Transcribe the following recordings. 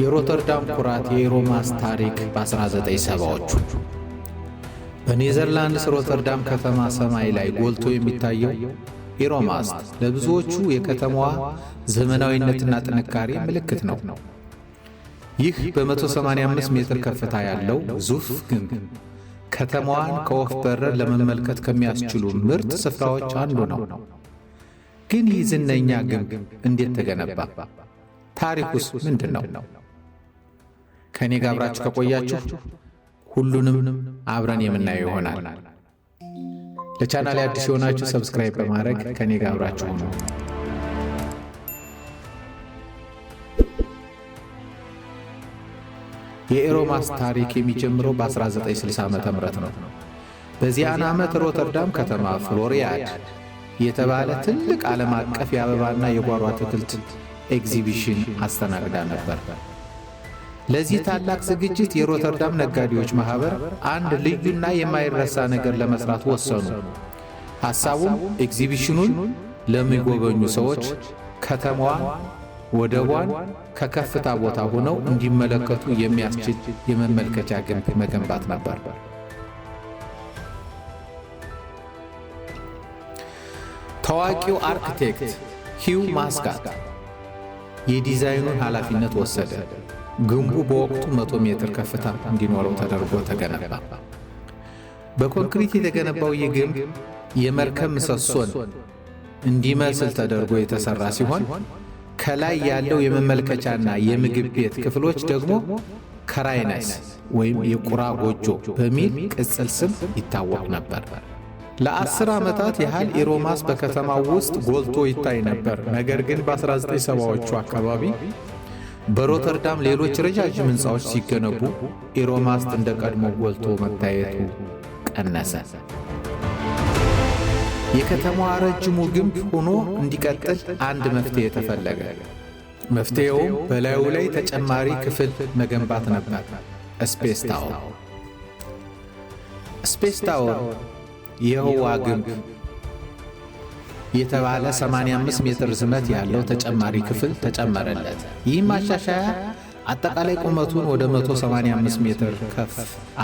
የሮተርዳም ኩራት የኢሮማስ ታሪክ በ1970ዎቹ በኔዘርላንድስ ሮተርዳም ከተማ ሰማይ ላይ ጎልቶ የሚታየው ኢሮማስ ለብዙዎቹ የከተማዋ ዘመናዊነትና ጥንካሬ ምልክት ነው። ይህ በ185 ሜትር ከፍታ ያለው ዙፍ ግንብ ከተማዋን ከወፍ በረር ለመመልከት ከሚያስችሉ ምርጥ ስፍራዎች አንዱ ነው። ግን ይህ ዝነኛ ግንብ እንዴት ተገነባ? ታሪኩስ ምንድን ነው? ከእኔ ጋር አብራችሁ ከቆያችሁ ሁሉንም አብረን የምናየው ይሆናል። ለቻናል አዲስ የሆናችሁ ሰብስክራይብ በማድረግ ከእኔ ጋር አብራችሁ ነው። የኤሮማስ ታሪክ የሚጀምረው በ1960 ዓ ም ነው። በዚያን ዓመት ሮተርዳም ከተማ ፍሎሪያድ የተባለ ትልቅ ዓለም አቀፍ የአበባና የጓሮ አትክልት ኤግዚቢሽን አስተናግዳ ነበር። ለዚህ ታላቅ ዝግጅት የሮተርዳም ነጋዴዎች ማኅበር አንድ ልዩና የማይረሳ ነገር ለመሥራት ወሰኑ። ሐሳቡም ኤግዚቢሽኑን ለሚጎበኙ ሰዎች ከተማዋን፣ ወደቧን ከከፍታ ቦታ ሆነው እንዲመለከቱ የሚያስችል የመመልከቻ ግንብ መገንባት ነበር። ታዋቂው አርክቴክት ሂው ማስካት የዲዛይኑን ኃላፊነት ወሰደ። ግንቡ በወቅቱ 100 ሜትር ከፍታ እንዲኖረው ተደርጎ ተገነባ። በኮንክሪት የተገነባው ይህ ግንብ የመርከብ ምሰሶን እንዲመስል ተደርጎ የተሰራ ሲሆን ከላይ ያለው የመመልከቻና የምግብ ቤት ክፍሎች ደግሞ ከራይነስ ወይም የቁራ ጎጆ በሚል ቅጽል ስም ይታወቅ ነበር። ለአስር ዓመታት ያህል ኢሮማስ በከተማው ውስጥ ጎልቶ ይታይ ነበር። ነገር ግን በ1970ዎቹ አካባቢ በሮተርዳም ሌሎች ረጃጅም ሕንፃዎች ሲገነቡ ኢሮማስት እንደ ቀድሞ ጎልቶ መታየቱ ቀነሰ። የከተማዋ ረጅሙ ግንብ ሆኖ እንዲቀጥል አንድ መፍትሔ ተፈለገ። መፍትሔውም በላዩ ላይ ተጨማሪ ክፍል መገንባት ነበር፣ ስፔስ ታወር። ስፔስ ታወር የህዋ ግንብ የተባለ 85 ሜትር ዝመት ያለው ተጨማሪ ክፍል ተጨመረለት። ይህ ማሻሻያ አጠቃላይ ቁመቱን ወደ 185 ሜትር ከፍ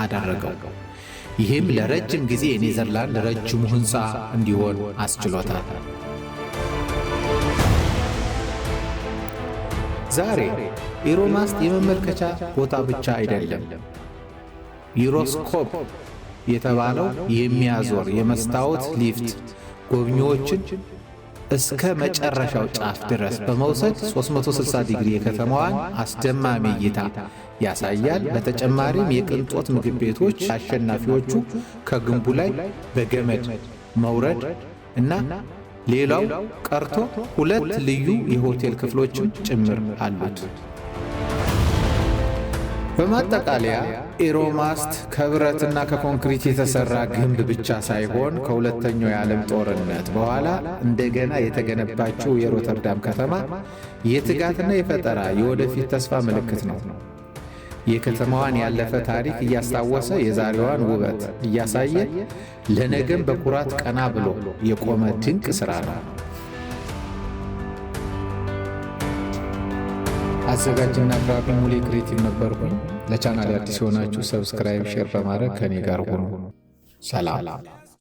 አደረገው። ይህም ለረጅም ጊዜ የኔዘርላንድ ረጅሙ ሕንፃ እንዲሆን አስችሎታል። ዛሬ ኢሮማስት የመመልከቻ ቦታ ብቻ አይደለም። ዩሮስኮፕ የተባለው የሚያዞር የመስታወት ሊፍት ጎብኚዎችን እስከ መጨረሻው ጫፍ ድረስ በመውሰድ 360 ዲግሪ የከተማዋን አስደማሚ እይታ ያሳያል። በተጨማሪም የቅንጦት ምግብ ቤቶች አሸናፊዎቹ ከግንቡ ላይ በገመድ መውረድ እና ሌላው ቀርቶ ሁለት ልዩ የሆቴል ክፍሎችም ጭምር አሉት። በማጠቃለያ ኢሮማስት ከብረትና ከኮንክሪት የተሰራ ግንብ ብቻ ሳይሆን ከሁለተኛው የዓለም ጦርነት በኋላ እንደገና የተገነባችው የሮተርዳም ከተማ የትጋትና የፈጠራ የወደፊት ተስፋ ምልክት ነው። የከተማዋን ያለፈ ታሪክ እያስታወሰ የዛሬዋን ውበት እያሳየ ለነገም በኩራት ቀና ብሎ የቆመ ድንቅ ሥራ ነው። አዘጋጅና አቅራቢ ሙሌ ክሬቲቭ ነበርኩኝ። ለቻናል አዲስ የሆናችሁ ሰብስክራይብ፣ ሼር በማድረግ ከኔ ጋር ሆኑ። ሰላም